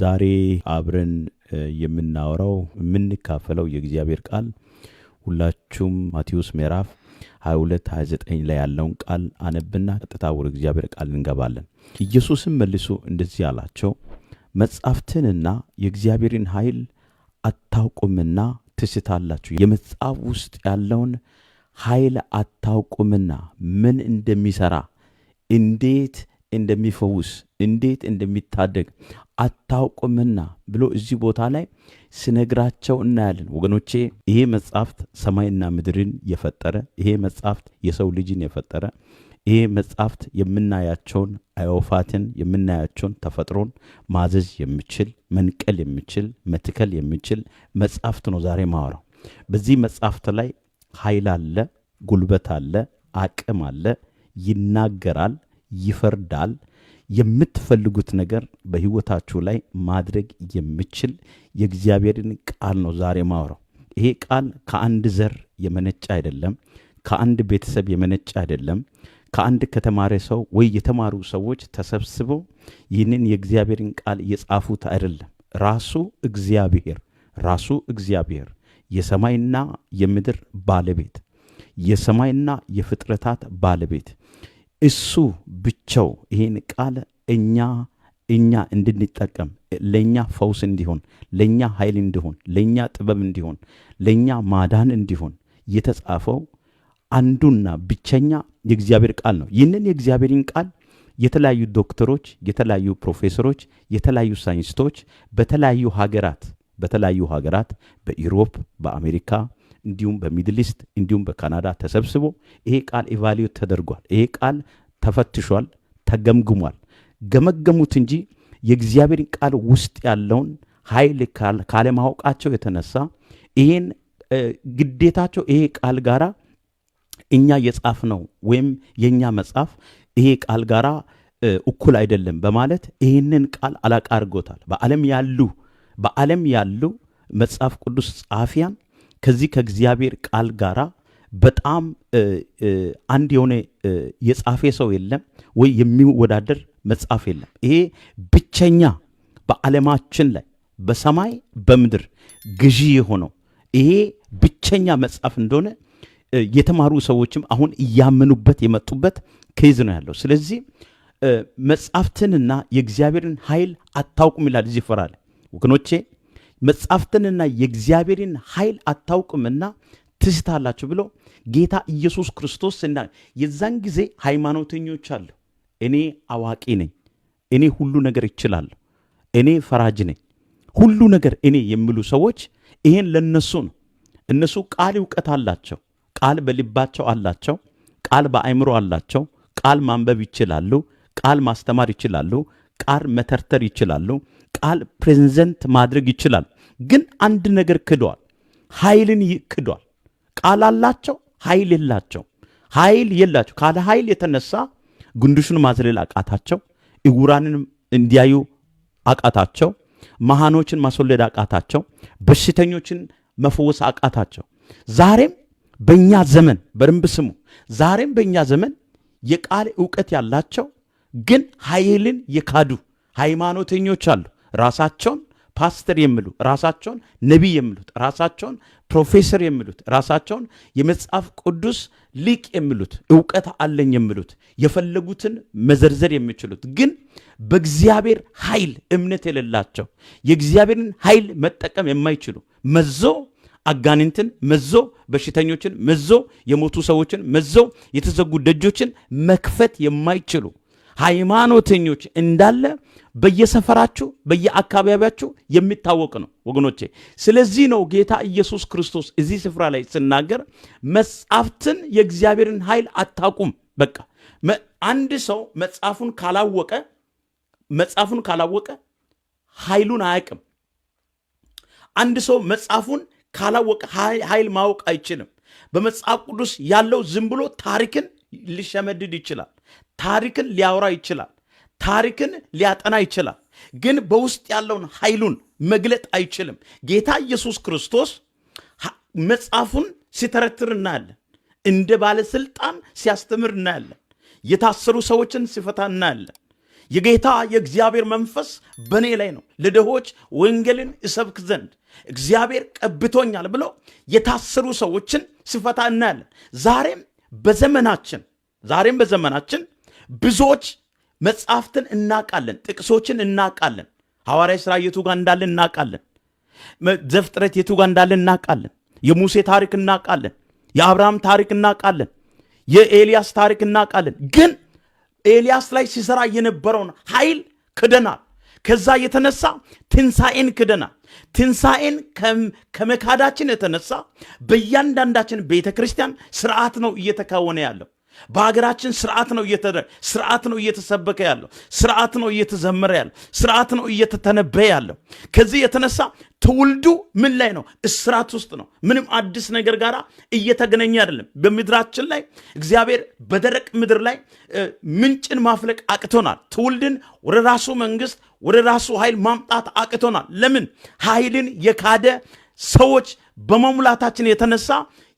ዛሬ አብረን የምናወራው የምንካፈለው የእግዚአብሔር ቃል ሁላችሁም ማቴዎስ ምዕራፍ 22 29 ላይ ያለውን ቃል አነብና ቀጥታ ወደ እግዚአብሔር ቃል እንገባለን። ኢየሱስም መልሶ እንደዚህ አላቸው፣ መጻሕፍትንና የእግዚአብሔርን ኃይል አታውቁምና ትስታላችሁ። የመጽሐፍ ውስጥ ያለውን ኃይል አታውቁምና ምን እንደሚሰራ እንዴት እንደሚፈውስ እንዴት እንደሚታደግ አታውቁምና ብሎ እዚህ ቦታ ላይ ስነግራቸው እናያለን። ወገኖቼ ይሄ መጽሐፍት ሰማይና ምድርን የፈጠረ ይሄ መጽሐፍት የሰው ልጅን የፈጠረ ይሄ መጽሐፍት የምናያቸውን አዕዋፋትን የምናያቸውን ተፈጥሮን ማዘዝ የሚችል መንቀል የሚችል መትከል የሚችል መጽሐፍት ነው ዛሬ ማወራው። በዚህ መጽሐፍት ላይ ኃይል አለ፣ ጉልበት አለ፣ አቅም አለ፣ ይናገራል፣ ይፈርዳል። የምትፈልጉት ነገር በሕይወታችሁ ላይ ማድረግ የሚችል የእግዚአብሔርን ቃል ነው ዛሬ ማውረው። ይሄ ቃል ከአንድ ዘር የመነጨ አይደለም። ከአንድ ቤተሰብ የመነጨ አይደለም። ከአንድ ከተማረ ሰው ወይ የተማሩ ሰዎች ተሰብስበው ይህንን የእግዚአብሔርን ቃል የጻፉት አይደለም። ራሱ እግዚአብሔር ራሱ እግዚአብሔር የሰማይና የምድር ባለቤት የሰማይና የፍጥረታት ባለቤት እሱ ብቻው ይህን ቃል እኛ እኛ እንድንጠቀም ለእኛ ፈውስ እንዲሆን፣ ለእኛ ኃይል እንዲሆን፣ ለእኛ ጥበብ እንዲሆን፣ ለእኛ ማዳን እንዲሆን የተጻፈው አንዱና ብቸኛ የእግዚአብሔር ቃል ነው። ይህንን የእግዚአብሔርን ቃል የተለያዩ ዶክተሮች፣ የተለያዩ ፕሮፌሰሮች፣ የተለያዩ ሳይንስቶች በተለያዩ ሀገራት በተለያዩ ሀገራት በኢሮፕ፣ በአሜሪካ እንዲሁም በሚድል እንዲሁም በካናዳ ተሰብስቦ ይሄ ቃል ኢቫሉዌት ተደርጓል። ይሄ ቃል ተፈትሿል፣ ተገምግሟል። ገመገሙት እንጂ የእግዚአብሔርን ቃል ውስጥ ያለውን ኃይል ካለማወቃቸው የተነሳ ይሄን ግዴታቸው ይሄ ቃል ጋራ እኛ የጻፍ ነው ወይም የእኛ መጽሐፍ ይሄ ቃል ጋራ እኩል አይደለም በማለት ይህንን ቃል አላቃ አድርጎታል። በዓለም ያሉ በዓለም ያሉ መጽሐፍ ቅዱስ ጸሐፊያን ከዚህ ከእግዚአብሔር ቃል ጋራ በጣም አንድ የሆነ የጻፌ ሰው የለም ወይ የሚወዳደር መጽሐፍ የለም። ይሄ ብቸኛ በዓለማችን ላይ በሰማይ በምድር ግዢ የሆነው ይሄ ብቸኛ መጽሐፍ እንደሆነ የተማሩ ሰዎችም አሁን እያመኑበት የመጡበት ኬዝ ነው ያለው። ስለዚህ መጽሐፍትንና የእግዚአብሔርን ኃይል አታውቁም ይላል እዚህ ፈራለ ወገኖቼ መጻሕፍትንና የእግዚአብሔርን ኃይል አታውቅምና ትስታላችሁ ብሎ ጌታ ኢየሱስ ክርስቶስ እና የዛን ጊዜ ሃይማኖተኞች አሉ። እኔ አዋቂ ነኝ፣ እኔ ሁሉ ነገር ይችላለሁ፣ እኔ ፈራጅ ነኝ፣ ሁሉ ነገር እኔ የሚሉ ሰዎች ይሄን ለነሱ ነው። እነሱ ቃል እውቀት አላቸው፣ ቃል በልባቸው አላቸው፣ ቃል በአእምሮ አላቸው፣ ቃል ማንበብ ይችላሉ፣ ቃል ማስተማር ይችላሉ፣ ቃል መተርተር ይችላሉ፣ ቃል ፕሬዘንት ማድረግ ይችላል። ግን አንድ ነገር ክዷል። ኃይልን ክዷል። ቃል አላቸው፣ ኃይል የላቸው። ኃይል የላቸው። ካለ ኃይል የተነሳ ጉንዱሹን ማዝለል አቃታቸው፣ እውራንን እንዲያዩ አቃታቸው፣ መሃኖችን ማስወለድ አቃታቸው፣ በሽተኞችን መፈወስ አቃታቸው። ዛሬም በእኛ ዘመን በደንብ ስሙ። ዛሬም በእኛ ዘመን የቃል እውቀት ያላቸው ግን ኃይልን የካዱ ሃይማኖተኞች አሉ። ራሳቸውን ፓስተር የሚሉ ራሳቸውን ነቢይ የሚሉት ራሳቸውን ፕሮፌሰር የሚሉት ራሳቸውን የመጽሐፍ ቅዱስ ሊቅ የሚሉት እውቀት አለኝ የሚሉት የፈለጉትን መዘርዘር የሚችሉት ግን በእግዚአብሔር ኃይል እምነት የሌላቸው የእግዚአብሔርን ኃይል መጠቀም የማይችሉ መዞ አጋንንትን መዞ በሽተኞችን መዞ የሞቱ ሰዎችን መዞ የተዘጉ ደጆችን መክፈት የማይችሉ ሃይማኖተኞች እንዳለ በየሰፈራችሁ በየአካባቢያችሁ የሚታወቅ ነው ወገኖቼ። ስለዚህ ነው ጌታ ኢየሱስ ክርስቶስ እዚህ ስፍራ ላይ ስናገር መጽሐፍትን የእግዚአብሔርን ኃይል አታውቁም። በቃ አንድ ሰው መጽሐፉን ካላወቀ መጽሐፉን ካላወቀ ኃይሉን አያውቅም። አንድ ሰው መጽሐፉን ካላወቀ ኃይል ማወቅ አይችልም። በመጽሐፍ ቅዱስ ያለው ዝም ብሎ ታሪክን ሊሸመድድ ይችላል። ታሪክን ሊያወራ ይችላል። ታሪክን ሊያጠና ይችላል። ግን በውስጥ ያለውን ኃይሉን መግለጥ አይችልም። ጌታ ኢየሱስ ክርስቶስ መጽሐፉን ሲተረትር እናያለን። እንደ ባለስልጣን ሲያስተምር እናያለን። የታሰሩ ሰዎችን ሲፈታ እናያለን። የጌታ የእግዚአብሔር መንፈስ በእኔ ላይ ነው፣ ለድሆች ወንጌልን እሰብክ ዘንድ እግዚአብሔር ቀብቶኛል ብሎ የታሰሩ ሰዎችን ሲፈታ እናያለን። ዛሬም በዘመናችን ዛሬም በዘመናችን ብዙዎች መጽሐፍትን እናቃለን፣ ጥቅሶችን እናቃለን። ሐዋርያ ሥራ የቱ ጋር እንዳለን እናቃለን። ዘፍጥረት የቱ ጋር እንዳለን እናቃለን። የሙሴ ታሪክ እናቃለን። የአብርሃም ታሪክ እናቃለን። የኤልያስ ታሪክ እናቃለን። ግን ኤልያስ ላይ ሲሰራ የነበረውን ኃይል ክደናል። ከዛ የተነሳ ትንሣኤን ክደናል። ትንሣኤን ከመካዳችን የተነሳ በእያንዳንዳችን ቤተ ክርስቲያን ስርዓት ነው እየተካወነ ያለው። በሀገራችን ስርዓት ነው ስርዓት ነው እየተሰበከ ያለው ስርዓት ነው እየተዘመረ ያለው ስርዓት ነው እየተተነበየ ያለው። ከዚህ የተነሳ ትውልዱ ምን ላይ ነው? እስራት ውስጥ ነው። ምንም አዲስ ነገር ጋር እየተገነኘ አይደለም። በምድራችን ላይ እግዚአብሔር በደረቅ ምድር ላይ ምንጭን ማፍለቅ አቅቶናል። ትውልድን ወደ ራሱ መንግስት፣ ወደ ራሱ ኃይል ማምጣት አቅቶናል። ለምን ኃይልን የካደ ሰዎች በመሙላታችን የተነሳ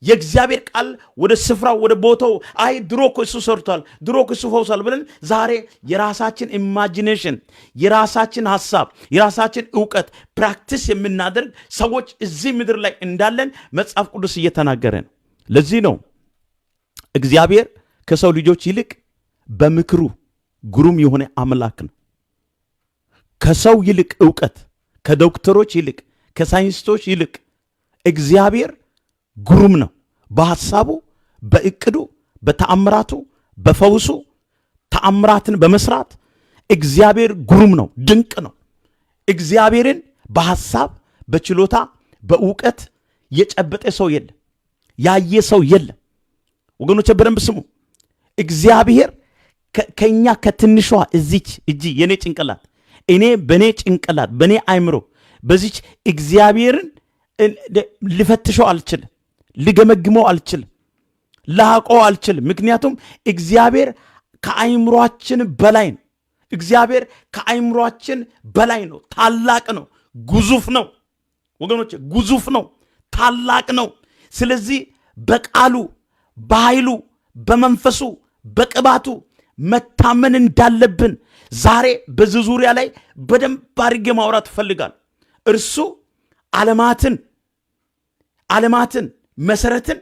የእግዚአብሔር ቃል ወደ ስፍራው ወደ ቦታው አይ ድሮ እኮ እሱ ሰርቷል፣ ድሮ እኮ እሱ ፈውሷል ብለን ዛሬ የራሳችን ኢማጂኔሽን፣ የራሳችን ሀሳብ፣ የራሳችን እውቀት ፕራክቲስ የምናደርግ ሰዎች እዚህ ምድር ላይ እንዳለን መጽሐፍ ቅዱስ እየተናገረ ነው። ለዚህ ነው እግዚአብሔር ከሰው ልጆች ይልቅ በምክሩ ግሩም የሆነ አምላክ ነው። ከሰው ይልቅ እውቀት፣ ከዶክተሮች ይልቅ፣ ከሳይንስቶች ይልቅ እግዚአብሔር ግሩም ነው። በሐሳቡ፣ በእቅዱ፣ በተአምራቱ፣ በፈውሱ ተአምራትን በመስራት እግዚአብሔር ግሩም ነው፣ ድንቅ ነው። እግዚአብሔርን በሐሳብ በችሎታ በእውቀት የጨበጠ ሰው የለ፣ ያየ ሰው የለም። ወገኖች በደንብ ስሙ። እግዚአብሔር ከእኛ ከትንሿ እዚች እጅ የእኔ ጭንቅላት እኔ በእኔ ጭንቅላት በእኔ አይምሮ በዚች እግዚአብሔርን ልፈትሸው አልችልም። ልገመግመው አልችል ላቆ አልችልም። ምክንያቱም እግዚአብሔር ከአይምሯችን በላይ ነው። እግዚአብሔር ከአይምሯችን በላይ ነው። ታላቅ ነው። ግዙፍ ነው። ወገኖች ግዙፍ ነው። ታላቅ ነው። ስለዚህ በቃሉ በኃይሉ በመንፈሱ በቅባቱ መታመን እንዳለብን ዛሬ በዚህ ዙሪያ ላይ በደንብ አድርጌ ማውራት እፈልጋለሁ። እርሱ ዓለማትን ዓለማትን መሰረትን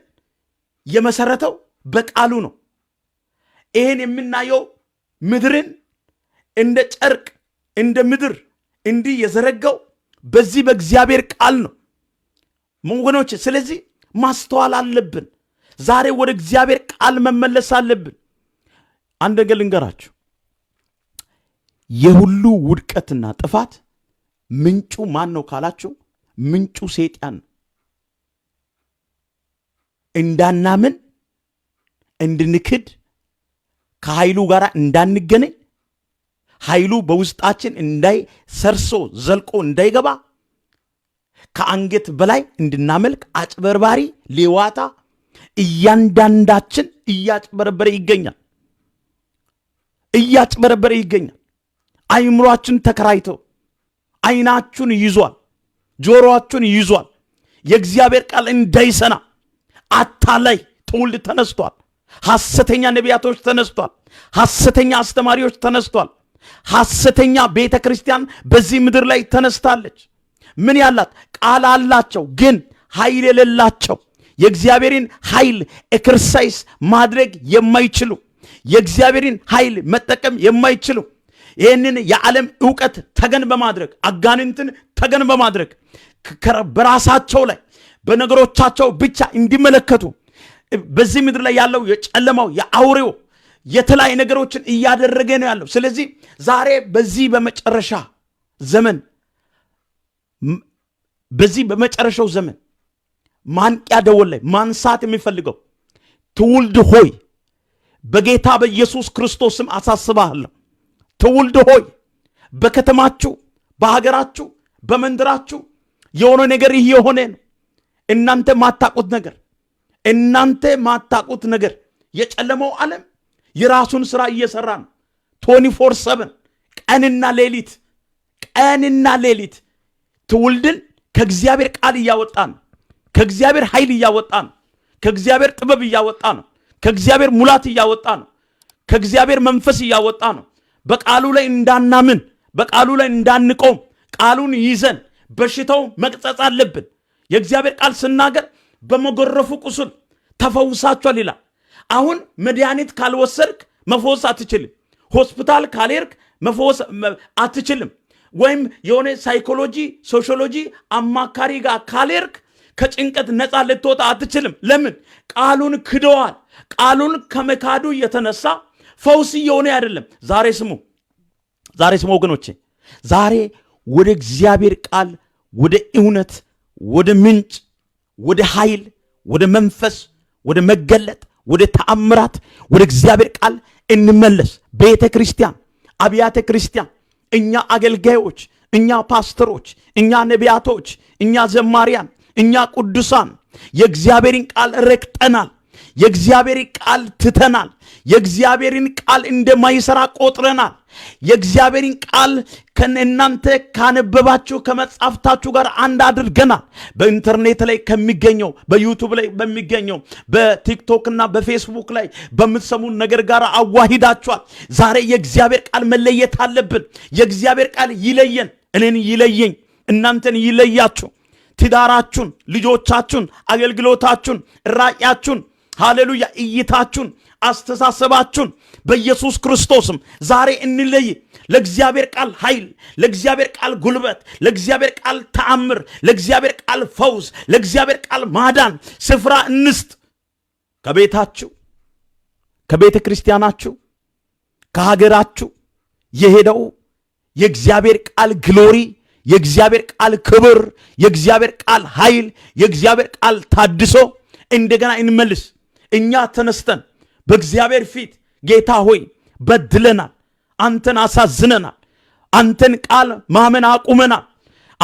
የመሰረተው በቃሉ ነው። ይህን የምናየው ምድርን እንደ ጨርቅ እንደ ምድር እንዲህ የዘረጋው በዚህ በእግዚአብሔር ቃል ነው ወገኖች። ስለዚህ ማስተዋል አለብን። ዛሬ ወደ እግዚአብሔር ቃል መመለስ አለብን። አንድ ነገር ልንገራችሁ፣ የሁሉ ውድቀትና ጥፋት ምንጩ ማን ነው ካላችሁ፣ ምንጩ ሰይጣን ነው። እንዳናምን፣ እንድንክድ፣ ከኃይሉ ጋር እንዳንገናኝ፣ ኃይሉ በውስጣችን እንዳይ ሰርሶ ዘልቆ እንዳይገባ፣ ከአንገት በላይ እንድናመልክ፣ አጭበርባሪ ሌዋታ እያንዳንዳችን እያጭበረበረ ይገኛል እያጭበረበረ ይገኛል። አይምሯችን ተከራይቶ አይናችን ይዟል፣ ጆሮአችን ይዟል። የእግዚአብሔር ቃል እንዳይሰና አታላይ ትውልድ ተነስቷል። ሐሰተኛ ነቢያቶች ተነስቷል። ሐሰተኛ አስተማሪዎች ተነስቷል። ሐሰተኛ ቤተ ክርስቲያን በዚህ ምድር ላይ ተነስታለች። ምን ያላት ቃል አላቸው፣ ግን ኃይል የሌላቸው የእግዚአብሔርን ኃይል ኤክርሳይስ ማድረግ የማይችሉ የእግዚአብሔርን ኃይል መጠቀም የማይችሉ ይህንን የዓለም እውቀት ተገን በማድረግ አጋንንትን ተገን በማድረግ በራሳቸው ላይ በነገሮቻቸው ብቻ እንዲመለከቱ በዚህ ምድር ላይ ያለው የጨለማው የአውሬው የተለያዩ ነገሮችን እያደረገ ነው ያለው። ስለዚህ ዛሬ በዚህ በመጨረሻ ዘመን በዚህ በመጨረሻው ዘመን ማንቂያ ደወል ላይ ማንሳት የሚፈልገው ትውልድ ሆይ በጌታ በኢየሱስ ክርስቶስም አሳስባለሁ። ትውልድ ሆይ በከተማችሁ፣ በሀገራችሁ፣ በመንደራችሁ የሆነ ነገር ይህ የሆነ ነው። እናንተ ማታቁት ነገር እናንተ ማታቁት ነገር የጨለመው ዓለም የራሱን ስራ እየሰራ ነው። ቶኒ ፎር ሰቨን ቀንና ሌሊት ቀንና ሌሊት ትውልድን ከእግዚአብሔር ቃል እያወጣ ነው። ከእግዚአብሔር ኃይል እያወጣ ነው። ከእግዚአብሔር ጥበብ እያወጣ ነው። ከእግዚአብሔር ሙላት እያወጣ ነው። ከእግዚአብሔር መንፈስ እያወጣ ነው። በቃሉ ላይ እንዳናምን፣ በቃሉ ላይ እንዳንቆም ቃሉን ይዘን በሽታው መቅጸጽ አለብን። የእግዚአብሔር ቃል ስናገር በመጎረፉ ቁስል ተፈውሳችኋል ይላል። አሁን መድኃኒት ካልወሰድክ መፈወስ አትችልም። ሆስፒታል ካልሄድክ መፈወስ አትችልም። ወይም የሆነ ሳይኮሎጂ ሶሽሎጂ አማካሪ ጋር ካልሄድክ ከጭንቀት ነፃ ልትወጣ አትችልም። ለምን? ቃሉን ክደዋል። ቃሉን ከመካዱ የተነሳ ፈውስ እየሆነ አይደለም። ዛሬ ስሙ፣ ዛሬ ስሙ ወገኖቼ፣ ዛሬ ወደ እግዚአብሔር ቃል ወደ እውነት ወደ ምንጭ፣ ወደ ኃይል፣ ወደ መንፈስ፣ ወደ መገለጥ፣ ወደ ተአምራት፣ ወደ እግዚአብሔር ቃል እንመለስ። ቤተ ክርስቲያን፣ አብያተ ክርስቲያን፣ እኛ አገልጋዮች፣ እኛ ፓስተሮች፣ እኛ ነቢያቶች፣ እኛ ዘማሪያን፣ እኛ ቅዱሳን የእግዚአብሔርን ቃል ረግጠናል። የእግዚአብሔር ቃል ትተናል። የእግዚአብሔርን ቃል እንደማይሰራ ቆጥረናል። የእግዚአብሔርን ቃል ከእናንተ ካነበባችሁ ከመጻሕፍታችሁ ጋር አንድ አድርገናል። በኢንተርኔት ላይ ከሚገኘው በዩቱብ ላይ በሚገኘው በቲክቶክ እና በፌስቡክ ላይ በምትሰሙን ነገር ጋር አዋሂዳችኋል። ዛሬ የእግዚአብሔር ቃል መለየት አለብን። የእግዚአብሔር ቃል ይለየን፣ እኔን ይለየኝ፣ እናንተን ይለያችሁ፣ ትዳራችሁን፣ ልጆቻችሁን፣ አገልግሎታችሁን፣ ራቂያችሁን ሃሌሉያ። እይታችሁን፣ አስተሳሰባችሁን በኢየሱስ ክርስቶስም ዛሬ እንለይ። ለእግዚአብሔር ቃል ኃይል፣ ለእግዚአብሔር ቃል ጉልበት፣ ለእግዚአብሔር ቃል ተአምር፣ ለእግዚአብሔር ቃል ፈውስ፣ ለእግዚአብሔር ቃል ማዳን ስፍራ እንስጥ። ከቤታችሁ፣ ከቤተ ክርስቲያናችሁ፣ ከሀገራችሁ የሄደው የእግዚአብሔር ቃል ግሎሪ የእግዚአብሔር ቃል ክብር፣ የእግዚአብሔር ቃል ኃይል፣ የእግዚአብሔር ቃል ታድሶ እንደገና እንመልስ። እኛ ተነስተን በእግዚአብሔር ፊት ጌታ ሆይ በድለናል፣ አንተን አሳዝነናል፣ አንተን ቃል ማመን አቁመናል፣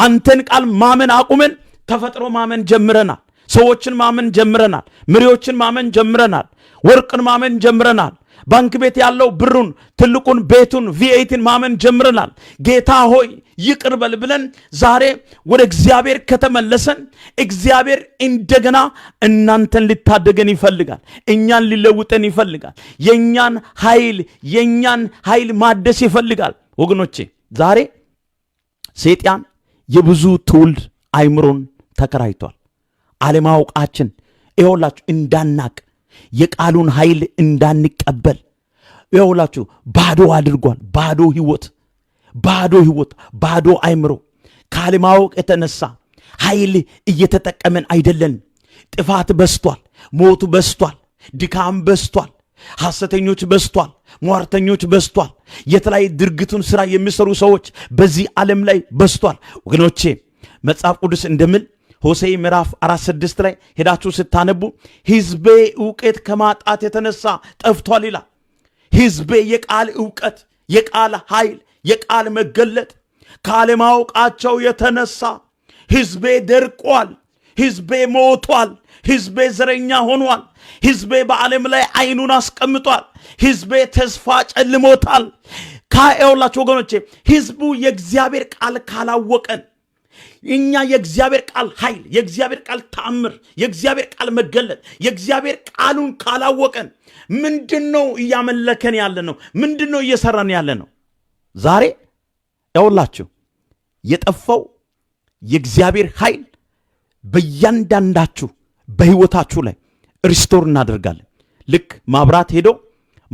አንተን ቃል ማመን አቁመን ተፈጥሮ ማመን ጀምረናል፣ ሰዎችን ማመን ጀምረናል፣ መሪዎችን ማመን ጀምረናል፣ ወርቅን ማመን ጀምረናል፣ ባንክ ቤት ያለው ብሩን ትልቁን ቤቱን ቪኤትን ማመን ጀምረናል። ጌታ ሆይ ይቅር በል ብለን ዛሬ ወደ እግዚአብሔር ከተመለሰን እግዚአብሔር እንደገና እናንተን ሊታደገን ይፈልጋል። እኛን ሊለውጠን ይፈልጋል። የእኛን ኃይል የእኛን ኃይል ማደስ ይፈልጋል። ወገኖቼ ዛሬ ሴጣን የብዙ ትውልድ አይምሮን ተከራይቷል። አለማወቃችን ይኸውላችሁ እንዳናቅ የቃሉን ኃይል እንዳንቀበል ይኸውላችሁ ባዶ አድርጓል። ባዶ ህይወት፣ ባዶ ህይወት፣ ባዶ አይምሮ ካለማወቅ የተነሳ ኃይል እየተጠቀመን አይደለን ጥፋት በስቷል፣ ሞቱ በስቷል፣ ድካም በስቷል፣ ሐሰተኞች በስቷል፣ ሟርተኞች በስቷል። የተለያየ ድርግቱን ሥራ የሚሰሩ ሰዎች በዚህ ዓለም ላይ በስቷል። ወገኖቼ መጽሐፍ ቅዱስ እንደምል? ሆሴ ምዕራፍ አራት ስድስት ላይ ሄዳችሁ ስታነቡ ህዝቤ እውቀት ከማጣት የተነሳ ጠፍቷል ይላል። ህዝቤ የቃል እውቀት፣ የቃል ኃይል፣ የቃል መገለጥ ካለማወቃቸው የተነሳ ህዝቤ ደርቋል። ህዝቤ ሞቷል። ህዝቤ ዘረኛ ሆኗል። ህዝቤ በዓለም ላይ አይኑን አስቀምጧል። ህዝቤ ተስፋ ጨልሞታል። ካየውላቸው ወገኖቼ ሕዝቡ የእግዚአብሔር ቃል ካላወቀን እኛ የእግዚአብሔር ቃል ኃይል፣ የእግዚአብሔር ቃል ተአምር፣ የእግዚአብሔር ቃል መገለጥ፣ የእግዚአብሔር ቃሉን ካላወቀን ምንድን ነው እያመለከን ያለ ነው? ምንድን ነው እየሰራን ያለ ነው? ዛሬ ያውላችሁ የጠፋው የእግዚአብሔር ኃይል በእያንዳንዳችሁ በህይወታችሁ ላይ ሪስቶር እናደርጋለን። ልክ ማብራት ሄዶ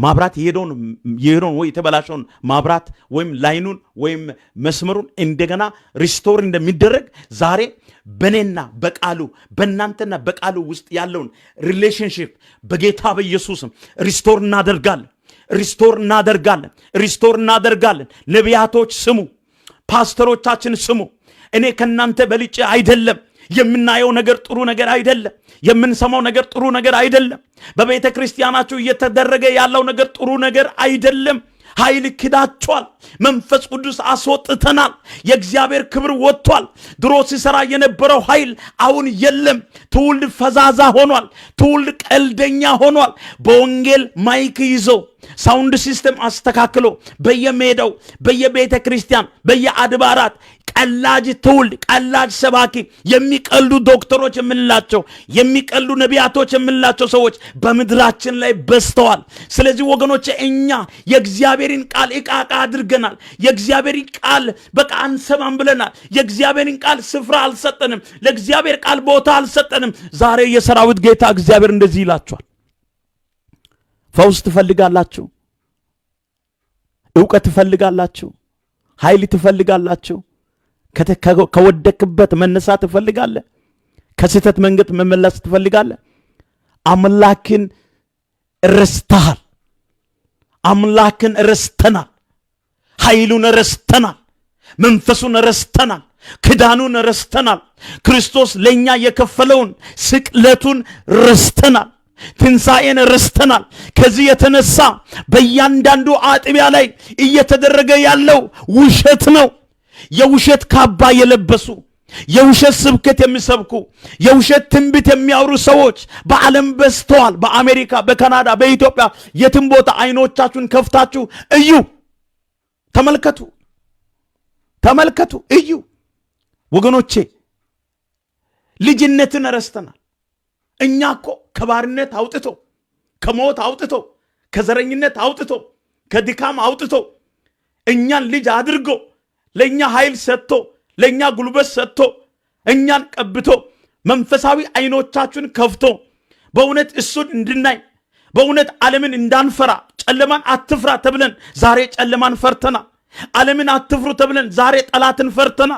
ማብራት የሄደውን ወይ የተበላሸውን ማብራት ወይም ላይኑን ወይም መስመሩን እንደገና ሪስቶር እንደሚደረግ ዛሬ በእኔና በቃሉ በእናንተና በቃሉ ውስጥ ያለውን ሪሌሽንሽፕ በጌታ በኢየሱስም ሪስቶር እናደርጋለን። ሪስቶር እናደርጋለን። ሪስቶር እናደርጋለን። ነቢያቶች ስሙ፣ ፓስተሮቻችን ስሙ። እኔ ከእናንተ በልጬ አይደለም የምናየው ነገር ጥሩ ነገር አይደለም። የምንሰማው ነገር ጥሩ ነገር አይደለም። በቤተ ክርስቲያናችሁ እየተደረገ ያለው ነገር ጥሩ ነገር አይደለም። ኃይል ክዳቸዋል። መንፈስ ቅዱስ አስወጥተናል። የእግዚአብሔር ክብር ወጥቷል። ድሮ ሲሰራ የነበረው ኃይል አሁን የለም። ትውልድ ፈዛዛ ሆኗል። ትውልድ ቀልደኛ ሆኗል። በወንጌል ማይክ ይዘው ሳውንድ ሲስተም አስተካክሎ በየሜዳው በየቤተ ክርስቲያን በየአድባራት ቀላጅ ትውልድ ቀላጅ ሰባኪ የሚቀሉ ዶክተሮች የምንላቸው የሚቀሉ ነቢያቶች የምንላቸው ሰዎች በምድራችን ላይ በዝተዋል። ስለዚህ ወገኖች እኛ የእግዚአብሔርን ቃል እቃቃ አድርገናል። የእግዚአብሔርን ቃል በቃ አንሰማም ብለናል። የእግዚአብሔርን ቃል ስፍራ አልሰጠንም። ለእግዚአብሔር ቃል ቦታ አልሰጠንም። ዛሬ የሰራዊት ጌታ እግዚአብሔር እንደዚህ ይላቸዋል ፈውስ ትፈልጋላችሁ፣ እውቀት ትፈልጋላችሁ፣ ኃይል ትፈልጋላችሁ፣ ከወደክበት መነሳት ትፈልጋለ፣ ከስህተት መንገድ መመለስ ትፈልጋለ። አምላክን ረስተሃል። አምላክን ረስተናል። ኃይሉን ረስተናል። መንፈሱን ረስተናል። ክዳኑን ረስተናል። ክርስቶስ ለእኛ የከፈለውን ስቅለቱን ረስተናል። ትንሣኤን ረስተናል። ከዚህ የተነሳ በእያንዳንዱ አጥቢያ ላይ እየተደረገ ያለው ውሸት ነው። የውሸት ካባ የለበሱ የውሸት ስብከት የሚሰብኩ የውሸት ትንቢት የሚያወሩ ሰዎች በዓለም በዝተዋል። በአሜሪካ፣ በካናዳ፣ በኢትዮጵያ የትም ቦታ አይኖቻችሁን ከፍታችሁ እዩ፣ ተመልከቱ፣ ተመልከቱ፣ እዩ። ወገኖቼ ልጅነትን ረስተናል። እኛ እኮ ከባርነት አውጥቶ ከሞት አውጥቶ ከዘረኝነት አውጥቶ ከድካም አውጥቶ እኛን ልጅ አድርጎ ለእኛ ኃይል ሰጥቶ ለእኛ ጉልበት ሰጥቶ እኛን ቀብቶ መንፈሳዊ አይኖቻችን ከፍቶ በእውነት እሱን እንድናይ በእውነት ዓለምን እንዳንፈራ ጨለማን አትፍራ ተብለን ዛሬ ጨለማን ፈርተና ዓለምን አትፍሩ ተብለን ዛሬ ጠላትን ፈርተና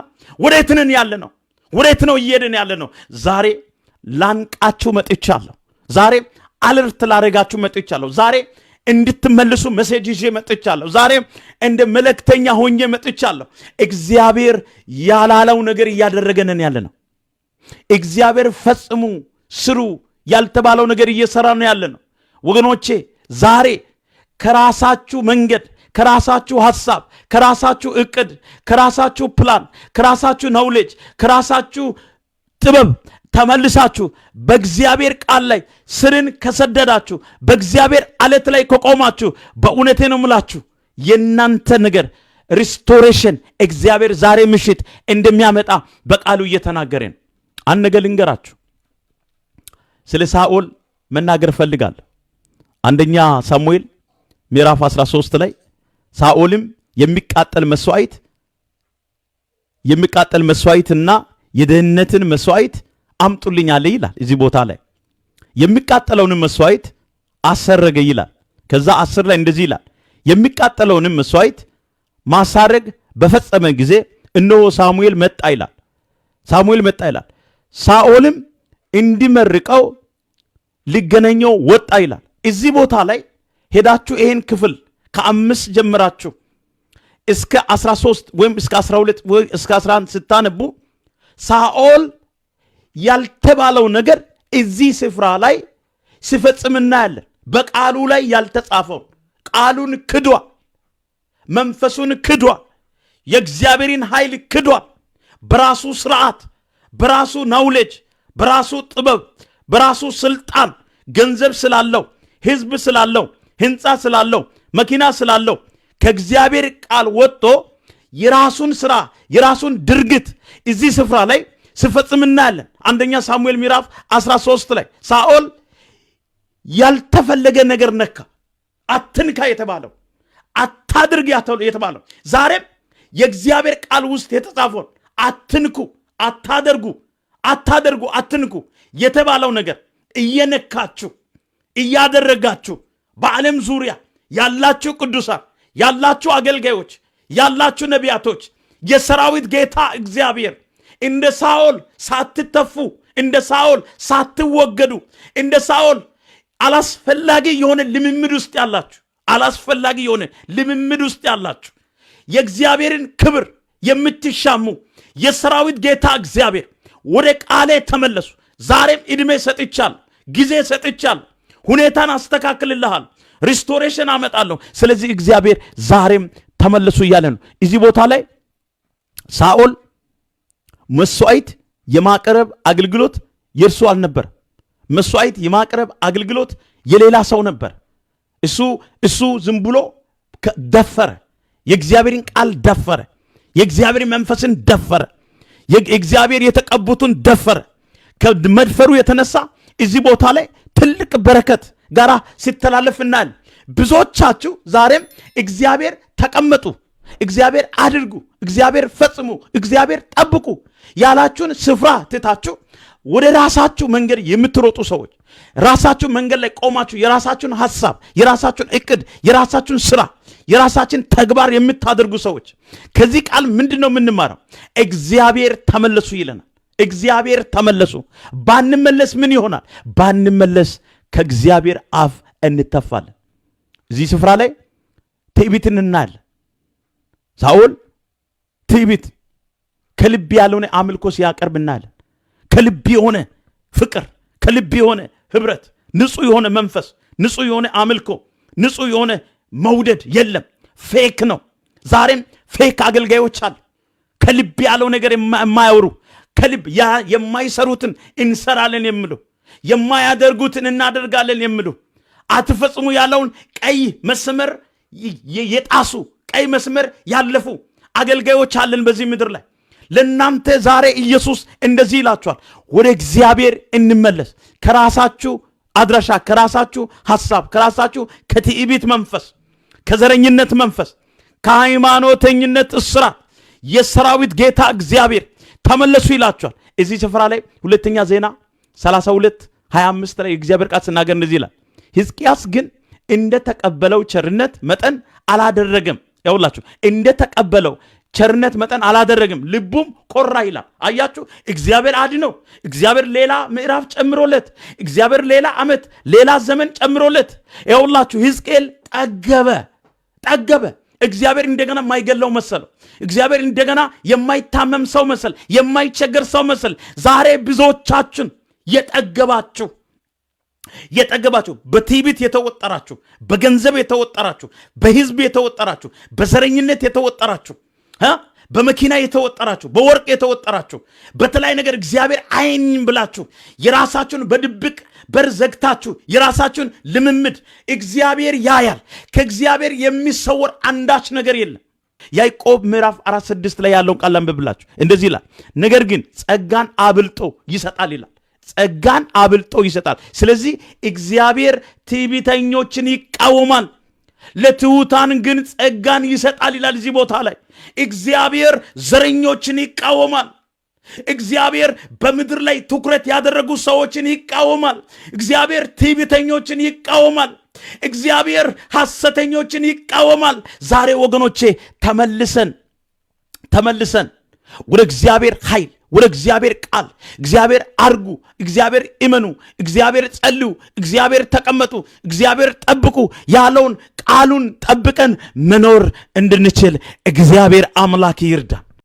ወዴት ያለ ነው? ወዴት ነው እየሄድን ያለ ነው ዛሬ ላንቃችሁ መጥቻለሁ። ዛሬ አለርት ላደርጋችሁ መጥቻለሁ። ዛሬ እንድትመልሱ መሴጅ ይዤ መጥቻለሁ። ዛሬ እንደ መልእክተኛ ሆኜ መጥቻለሁ። እግዚአብሔር ያላለው ነገር እያደረገንን ያለ ነው። እግዚአብሔር ፈጽሙ፣ ስሩ ያልተባለው ነገር እየሰራ ነው ያለ ነው። ወገኖቼ ዛሬ ከራሳችሁ መንገድ ከራሳችሁ ሐሳብ፣ ከራሳችሁ እቅድ፣ ከራሳችሁ ፕላን፣ ከራሳችሁ ነውሌጅ፣ ከራሳችሁ ጥበብ ተመልሳችሁ በእግዚአብሔር ቃል ላይ ስርን ከሰደዳችሁ በእግዚአብሔር አለት ላይ ከቆማችሁ፣ በእውነቴ ነው ምላችሁ የእናንተ ነገር ሪስቶሬሽን እግዚአብሔር ዛሬ ምሽት እንደሚያመጣ በቃሉ እየተናገረ ነው። አንድ ነገር ልንገራችሁ፣ ስለ ሳኦል መናገር እፈልጋለሁ። አንደኛ ሳሙኤል ምዕራፍ 13 ላይ ሳኦልም የሚቃጠል መስዋዕት የሚቃጠል መስዋዕትና የደህንነትን መስዋዕት አምጡልኛለ ይላል። እዚህ ቦታ ላይ የሚቃጠለውንም መስዋዕት አሰረገ ይላል። ከዛ አስር ላይ እንደዚህ ይላል የሚቃጠለውንም መስዋዕት ማሳረግ በፈጸመ ጊዜ እነሆ ሳሙኤል መጣ ይላል። ሳሙኤል መጣ ይላል። ሳኦልም እንዲመርቀው ሊገናኘው ወጣ ይላል። እዚህ ቦታ ላይ ሄዳችሁ ይሄን ክፍል ከአምስት ጀምራችሁ እስከ 13 ወይም እስከ 12 ወይ እስከ 11 ስታነቡ ሳኦል ያልተባለው ነገር እዚህ ስፍራ ላይ ሲፈጽምና ያለን በቃሉ ላይ ያልተጻፈው ቃሉን ክዷ፣ መንፈሱን ክዷ፣ የእግዚአብሔርን ኃይል ክዷ። በራሱ ስርዓት፣ በራሱ ናውሌጅ፣ በራሱ ጥበብ፣ በራሱ ስልጣን ገንዘብ ስላለው ህዝብ ስላለው ህንፃ ስላለው መኪና ስላለው ከእግዚአብሔር ቃል ወጥቶ የራሱን ስራ የራሱን ድርግት እዚህ ስፍራ ላይ ስፈጽም እናያለን። አንደኛ ሳሙኤል ምዕራፍ 13 ላይ ሳኦል ያልተፈለገ ነገር ነካ። አትንካ የተባለው አታድርግ የተባለው ዛሬም የእግዚአብሔር ቃል ውስጥ የተጻፈውን አትንኩ፣ አታደርጉ፣ አታደርጉ፣ አትንኩ የተባለው ነገር እየነካችሁ እያደረጋችሁ በዓለም ዙሪያ ያላችሁ ቅዱሳን ያላችሁ አገልጋዮች ያላችሁ ነቢያቶች የሰራዊት ጌታ እግዚአብሔር እንደ ሳኦል ሳትተፉ፣ እንደ ሳኦል ሳትወገዱ፣ እንደ ሳኦል አላስፈላጊ የሆነ ልምምድ ውስጥ ያላችሁ አላስፈላጊ የሆነ ልምምድ ውስጥ ያላችሁ የእግዚአብሔርን ክብር የምትሻሙ የሰራዊት ጌታ እግዚአብሔር ወደ ቃሌ ተመለሱ። ዛሬም ዕድሜ ሰጥቻል፣ ጊዜ ሰጥቻል፣ ሁኔታን አስተካክልልሃል፣ ሪስቶሬሽን አመጣለሁ። ስለዚህ እግዚአብሔር ዛሬም ተመለሱ እያለ ነው። እዚህ ቦታ ላይ ሳኦል መስዋዕት የማቅረብ አገልግሎት የእርሱ አልነበር። መስዋዕት የማቅረብ አገልግሎት የሌላ ሰው ነበር። እሱ እሱ ዝም ብሎ ደፈረ። የእግዚአብሔርን ቃል ደፈረ። የእግዚአብሔር መንፈስን ደፈረ። እግዚአብሔር የተቀቡትን ደፈረ። ከመድፈሩ የተነሳ እዚህ ቦታ ላይ ትልቅ በረከት ጋራ ሲተላለፍ እናያለን። ብዙዎቻችሁ ዛሬም እግዚአብሔር ተቀመጡ እግዚአብሔር አድርጉ፣ እግዚአብሔር ፈጽሙ፣ እግዚአብሔር ጠብቁ ያላችሁን ስፍራ ትታችሁ ወደ ራሳችሁ መንገድ የምትሮጡ ሰዎች ራሳችሁ መንገድ ላይ ቆማችሁ የራሳችሁን ሀሳብ፣ የራሳችሁን እቅድ፣ የራሳችሁን ስራ፣ የራሳችን ተግባር የምታደርጉ ሰዎች ከዚህ ቃል ምንድን ነው የምንማረው? እግዚአብሔር ተመለሱ ይለናል። እግዚአብሔር ተመለሱ። ባንመለስ ምን ይሆናል? ባንመለስ ከእግዚአብሔር አፍ እንተፋለን። እዚህ ስፍራ ላይ ትዕቢትን እናያለን። ሳኦል ትዕቢት ከልብ ያልሆነ አምልኮ ሲያቀርብ እናያለን። ከልብ የሆነ ፍቅር፣ ከልብ የሆነ ህብረት፣ ንጹህ የሆነ መንፈስ፣ ንጹህ የሆነ አምልኮ፣ ንጹህ የሆነ መውደድ የለም። ፌክ ነው። ዛሬም ፌክ አገልጋዮች አሉ። ከልብ ያለው ነገር የማያወሩ ከልብ የማይሰሩትን እንሰራለን የሚሉ የማያደርጉትን እናደርጋለን የሚሉ አትፈጽሙ ያለውን ቀይ መስመር የጣሱ ቀይ መስመር ያለፉ አገልጋዮች አለን በዚህ ምድር ላይ። ለእናንተ ዛሬ ኢየሱስ እንደዚህ ይላችኋል፣ ወደ እግዚአብሔር እንመለስ። ከራሳችሁ አድራሻ፣ ከራሳችሁ ሐሳብ፣ ከራሳችሁ ከትዕቢት መንፈስ፣ ከዘረኝነት መንፈስ፣ ከሃይማኖተኝነት እስራት የሰራዊት ጌታ እግዚአብሔር ተመለሱ ይላችኋል። እዚህ ስፍራ ላይ ሁለተኛ ዜና 32 25 ላይ እግዚአብሔር ቃል ስናገር እንደዚህ ይላል፣ ሕዝቅያስ ግን እንደ ተቀበለው ቸርነት መጠን አላደረገም ያውላችሁ እንደተቀበለው ቸርነት መጠን አላደረግም፣ ልቡም ኮራ ይላል። አያችሁ፣ እግዚአብሔር አድነው። እግዚአብሔር ሌላ ምዕራፍ ጨምሮለት፣ እግዚአብሔር ሌላ ዓመት፣ ሌላ ዘመን ጨምሮለት። ያውላችሁ ሕዝቅኤል ጠገበ፣ ጠገበ። እግዚአብሔር እንደገና የማይገለው መሰል፣ እግዚአብሔር እንደገና የማይታመም ሰው መሰል፣ የማይቸገር ሰው መሰል። ዛሬ ብዙዎቻችን የጠገባችሁ የጠገባችሁ በትዕቢት የተወጠራችሁ በገንዘብ የተወጠራችሁ በህዝብ የተወጠራችሁ በዘረኝነት የተወጠራችሁ በመኪና የተወጠራችሁ በወርቅ የተወጠራችሁ በተለያዩ ነገር እግዚአብሔር አይን ብላችሁ የራሳችሁን በድብቅ በር ዘግታችሁ የራሳችሁን ልምምድ እግዚአብሔር ያያል። ከእግዚአብሔር የሚሰወር አንዳች ነገር የለም። ያዕቆብ ምዕራፍ አራት ስድስት ላይ ያለውን ቃል አንብብላችሁ እንደዚህ ይላል፣ ነገር ግን ጸጋን አብልጦ ይሰጣል ይላል ጸጋን አብልጦ ይሰጣል። ስለዚህ እግዚአብሔር ትዕቢተኞችን ይቃወማል፣ ለትሑታን ግን ጸጋን ይሰጣል ይላል። እዚህ ቦታ ላይ እግዚአብሔር ዘረኞችን ይቃወማል። እግዚአብሔር በምድር ላይ ትኩረት ያደረጉ ሰዎችን ይቃወማል። እግዚአብሔር ትዕቢተኞችን ይቃወማል። እግዚአብሔር ሐሰተኞችን ይቃወማል። ዛሬ ወገኖቼ ተመልሰን ተመልሰን ወደ እግዚአብሔር ኃይል ወደ እግዚአብሔር ቃል እግዚአብሔር አርጉ፣ እግዚአብሔር እመኑ፣ እግዚአብሔር ጸልዩ፣ እግዚአብሔር ተቀመጡ፣ እግዚአብሔር ጠብቁ ያለውን ቃሉን ጠብቀን መኖር እንድንችል እግዚአብሔር አምላክ ይርዳ።